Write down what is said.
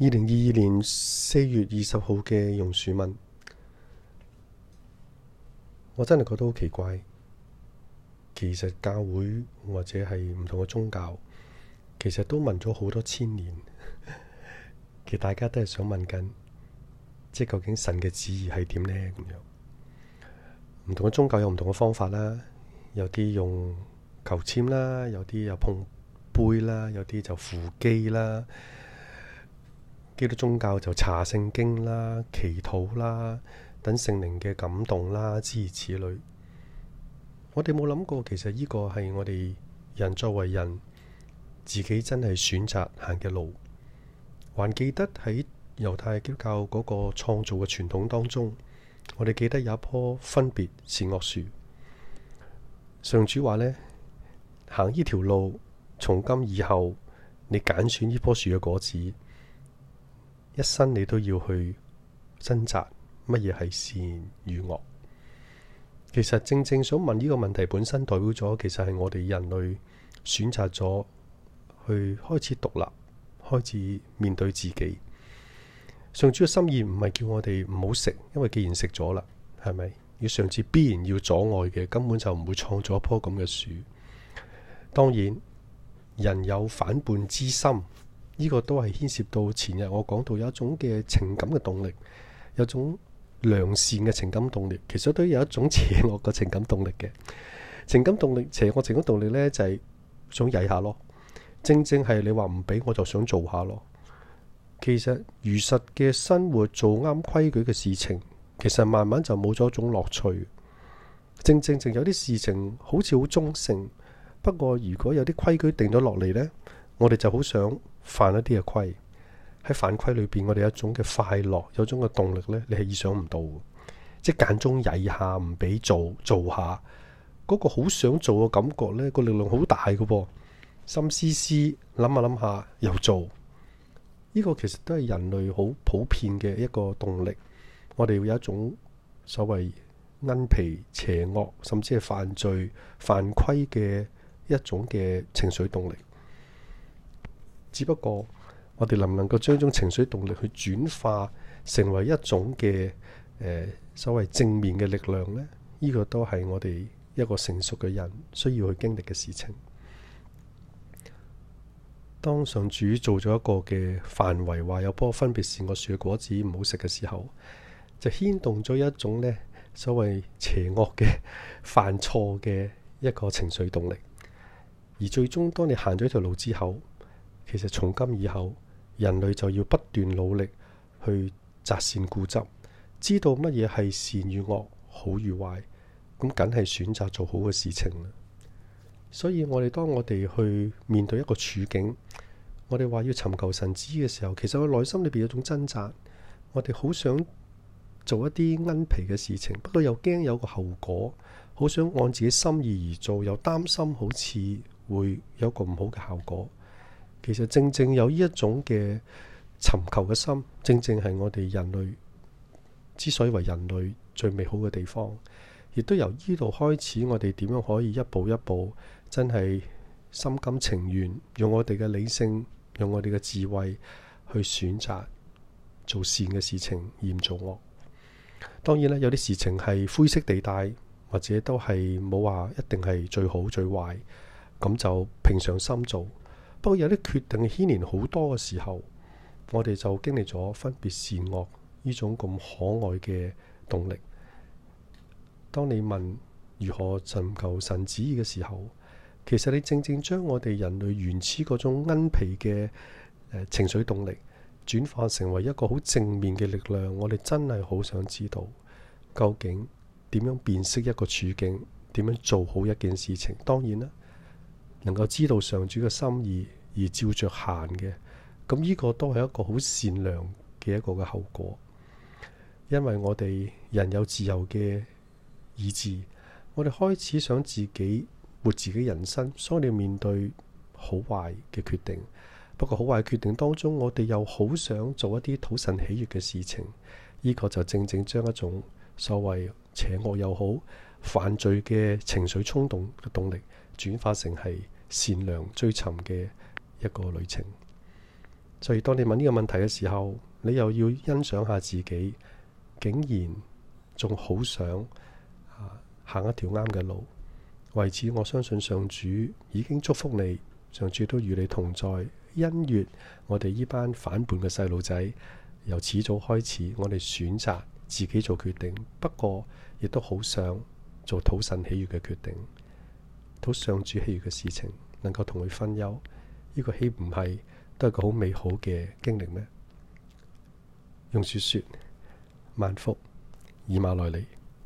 二零二二年四月二十號嘅榕樹問，我真係覺得好奇怪。其實教會或者係唔同嘅宗教，其實都問咗好多千年，其實大家都係想問緊，即係究竟神嘅旨意係點呢？咁樣唔同嘅宗教有唔同嘅方法啦，有啲用求簽啦，有啲又碰杯啦，有啲就扶乩啦。基督宗教就查聖經啦、祈禱啦、等聖靈嘅感動啦，諸如此類。我哋冇諗過，其實呢個係我哋人作為人自己真係選擇行嘅路。還記得喺猶太基督教嗰個創造嘅傳統當中，我哋記得有一棵分別善惡樹。上主話咧，行呢條路，從今以後，你揀選呢棵樹嘅果子。一生你都要去掙扎，乜嘢係善與惡？其實正正想問呢個問題本身，代表咗其實係我哋人類選擇咗去開始獨立，開始面對自己。上主嘅心意唔係叫我哋唔好食，因為既然食咗啦，係咪？要上主必然要阻礙嘅，根本就唔會創造一棵咁嘅樹。當然，人有反叛之心。呢個都係牽涉到前日我講到有一種嘅情感嘅動力，有種良善嘅情感動力，其實都有一種邪惡嘅情感動力嘅。情感動力，邪惡情感動力呢，就係想曳下咯。正正係你話唔俾我就想做下咯。其實如實嘅生活做啱規矩嘅事情，其實慢慢就冇咗一種樂趣。正正正有啲事情好似好中性，不過如果有啲規矩定咗落嚟呢。我哋就好想犯一啲嘅規，喺犯規裏邊，我哋有一種嘅快樂，有一種嘅動力呢，你係意想唔到，即係間中曳下唔俾做，做下嗰個好想做嘅感覺呢、那個力量好大嘅噃，心思思諗下諗下又做，呢個其實都係人類好普遍嘅一個動力。我哋會有一種所謂恩皮邪惡，甚至係犯罪、犯規嘅一種嘅情緒動力。只不過我哋能唔能夠將一種情緒動力去轉化成為一種嘅誒、呃、所謂正面嘅力量呢？呢、這個都係我哋一個成熟嘅人需要去經歷嘅事情。當上主做咗一個嘅範圍話有棵分別善惡樹嘅果子唔好食嘅時候，就牽動咗一種呢所謂邪惡嘅犯錯嘅一個情緒動力，而最終當你行咗一條路之後。其實從今以後，人類就要不斷努力去擇善固執，知道乜嘢係善與惡、好與壞，咁梗係選擇做好嘅事情。所以我哋當我哋去面對一個處境，我哋話要尋求神知嘅時候，其實我內心裏邊有種掙扎，我哋好想做一啲奀皮嘅事情，不過又驚有個後果，好想按自己心意而做，又擔心好似會有個唔好嘅效果。其實正正有呢一種嘅尋求嘅心，正正係我哋人類之所以為人類最美好嘅地方，亦都由呢度開始，我哋點樣可以一步一步，真係心甘情願，用我哋嘅理性，用我哋嘅智慧去選擇做善嘅事情，而唔做惡。當然啦，有啲事情係灰色地帶，或者都係冇話一定係最好最壞，咁就平常心做。當有啲決定嘅牽連好多嘅時候，我哋就經歷咗分別善惡呢種咁可愛嘅動力。當你問如何尋求神旨意嘅時候，其實你正正將我哋人類原始嗰種恩庇嘅、呃、情緒動力轉化成為一個好正面嘅力量。我哋真係好想知道，究竟點樣辨識一個處境，點樣做好一件事情。當然啦，能夠知道上主嘅心意，而照着行嘅，咁呢個都係一個好善良嘅一個嘅後果，因為我哋人有自由嘅意志，我哋開始想自己活自己人生，所以你要面對好壞嘅決定。不過，好壞決定當中，我哋又好想做一啲討神喜悅嘅事情。呢個就正正將一種所謂邪惡又好犯罪嘅情緒衝動嘅動力轉化成係善良追尋嘅。一個旅程，所以當你問呢個問題嘅時候，你又要欣賞下自己，竟然仲好想、啊、行一條啱嘅路。為此，我相信上主已經祝福你，上主都與你同在。因悅，我哋呢班反叛嘅細路仔，由始早開始，我哋選擇自己做決定，不過亦都好想做土神喜悅嘅決定，到上主喜悅嘅事情，能夠同佢分憂。呢個戲唔係都係個好美好嘅經歷咩？用説説，萬福以馬內利。